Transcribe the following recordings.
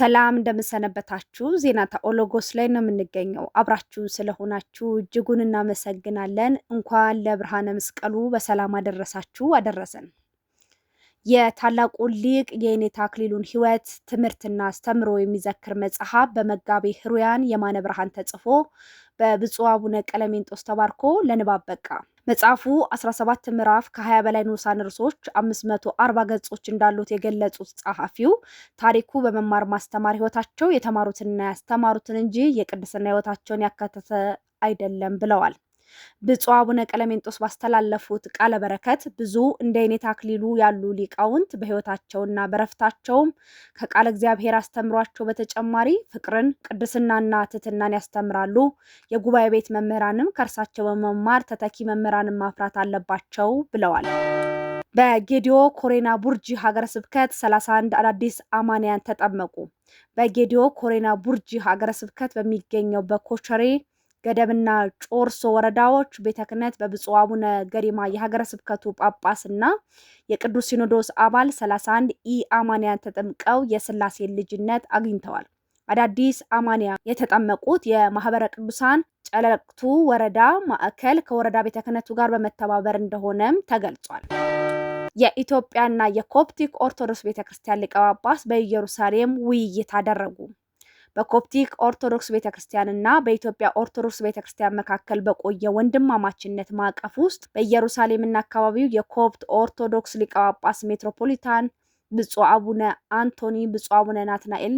ሰላም እንደምሰነበታችሁ። ዜና ተኦሎጎስ ላይ ነው የምንገኘው። አብራችሁ ስለሆናችሁ እጅጉን እናመሰግናለን። እንኳን ለብርሃነ መስቀሉ በሰላም አደረሳችሁ አደረሰን። የታላቁ ሊቅ የኔታ አክሊሉን ሕይወት ትምህርትና አስተምሮ የሚዘክር መጽሐፍ በመጋቤ ሕሩያን የማነ ብርሃን ተጽፎ በብፁዕ አቡነ ቀለሜንጦስ ተባርኮ ለንባብ በቃ። መጽሐፉ 17 ምዕራፍ ከ20 በላይ ንዑሳን ርዕሶች፣ 540 ገጾች እንዳሉት የገለጹት ጸሐፊው ታሪኩ በመማር ማስተማር ህይወታቸው የተማሩትንና ያስተማሩትን እንጂ የቅድስና ህይወታቸውን ያካተተ አይደለም ብለዋል። ብፁዕ አቡነ ቀለሜንጦስ ባስተላለፉት ቃለ በረከት ብዙ እንደ አይነት አክሊሉ ያሉ ሊቃውንት በህይወታቸውና በረፍታቸውም ከቃለ እግዚአብሔር አስተምሯቸው በተጨማሪ ፍቅርን፣ ቅድስናና ትህትናን ያስተምራሉ። የጉባኤ ቤት መምህራንም ከእርሳቸው በመማር ተተኪ መምህራንን ማፍራት አለባቸው ብለዋል። በጌዲዮ ኮሬና ቡርጂ ሀገረ ስብከት 31 አዳዲስ አማንያን ተጠመቁ። በጌዲዮ ኮሬና ቡርጂ ሀገረ ስብከት በሚገኘው በኮቸሬ ገደብና ጮርሶ ወረዳዎች ቤተ ክህነት በብፁዕ አቡነ ገሪማ የሀገረ ስብከቱ ጳጳስና የቅዱስ ሲኖዶስ አባል 31 ኢ አማንያን ተጠምቀው የስላሴ ልጅነት አግኝተዋል። አዳዲስ አማንያ የተጠመቁት የማህበረ ቅዱሳን ጨለቅቱ ወረዳ ማዕከል ከወረዳ ቤተ ክህነቱ ጋር በመተባበር እንደሆነም ተገልጿል። የኢትዮጵያና የኮፕቲክ ኦርቶዶክስ ቤተ ክርስቲያን ሊቀ ጳጳስ በኢየሩሳሌም ውይይት አደረጉ። በኮፕቲክ ኦርቶዶክስ ቤተክርስቲያንና በኢትዮጵያ ኦርቶዶክስ ቤተክርስቲያን መካከል በቆየ ወንድማማችነት ማዕቀፍ ውስጥ በኢየሩሳሌም ና አካባቢው የኮፕት ኦርቶዶክስ ሊቀ ጳጳስ ሜትሮፖሊታን ብፁዕ አቡነ አንቶኒ፣ ብፁዕ አቡነ ናትናኤል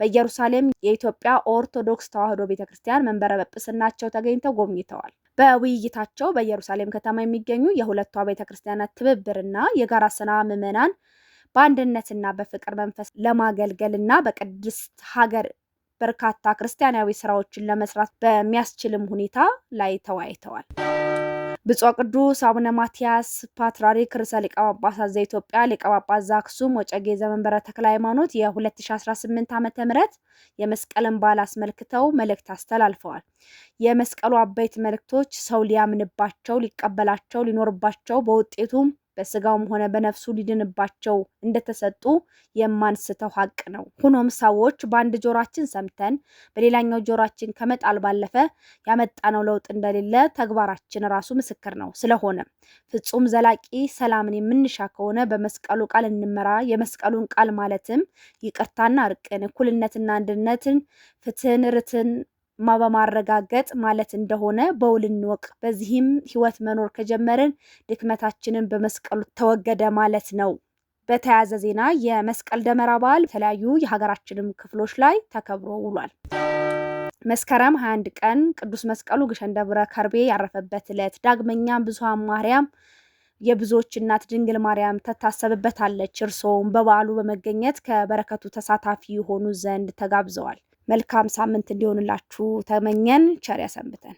በኢየሩሳሌም የኢትዮጵያ ኦርቶዶክስ ተዋሕዶ ቤተክርስቲያን መንበረ ጵጵስናቸው ተገኝተው ጎብኝተዋል። በውይይታቸው በኢየሩሳሌም ከተማ የሚገኙ የሁለቷ ቤተክርስቲያናት ትብብርና የጋራ ስራ ምዕመናን በአንድነትና በፍቅር መንፈስ ለማገልገል እና በቅድስት ሀገር በርካታ ክርስቲያናዊ ስራዎችን ለመስራት በሚያስችልም ሁኔታ ላይ ተወያይተዋል። ብፁዕ ቅዱስ አቡነ ማትያስ ፓትርያርክ ርዕሰ ሊቀ ጳጳሳት ዘኢትዮጵያ ሊቀ ጳጳስ ዘአክሱም ወዕጨጌ ዘመንበረ ተክለ ሃይማኖት የ2018 ዓ ም የመስቀልን በዓል አስመልክተው መልእክት አስተላልፈዋል። የመስቀሉ አበይት መልእክቶች ሰው ሊያምንባቸው፣ ሊቀበላቸው፣ ሊኖርባቸው በውጤቱም በስጋውም ሆነ በነፍሱ ሊድንባቸው እንደተሰጡ የማንስተው ሀቅ ነው። ሆኖም ሰዎች በአንድ ጆሯችን ሰምተን በሌላኛው ጆሯችን ከመጣል ባለፈ ያመጣነው ለውጥ እንደሌለ ተግባራችን ራሱ ምስክር ነው። ስለሆነ ፍጹም ዘላቂ ሰላምን የምንሻ ከሆነ በመስቀሉ ቃል እንመራ። የመስቀሉን ቃል ማለትም ይቅርታና እርቅን፣ እኩልነትና አንድነትን፣ ፍትህን፣ ርትን በማረጋገጥ ማለት እንደሆነ በውል እንወቅ። በዚህም ህይወት መኖር ከጀመርን ድክመታችንን በመስቀሉ ተወገደ ማለት ነው። በተያያዘ ዜና የመስቀል ደመራ በዓል የተለያዩ የሀገራችንም ክፍሎች ላይ ተከብሮ ውሏል። መስከረም 21 ቀን ቅዱስ መስቀሉ ግሸን ደብረ ከርቤ ያረፈበት ዕለት፣ ዳግመኛም ብዙሃን ማርያም የብዙዎች እናት ድንግል ማርያም ትታሰብበታለች። እርስዎም በበዓሉ በመገኘት ከበረከቱ ተሳታፊ የሆኑ ዘንድ ተጋብዘዋል። መልካም ሳምንት እንዲሆንላችሁ ተመኘን። ቸር ያሰንብተን።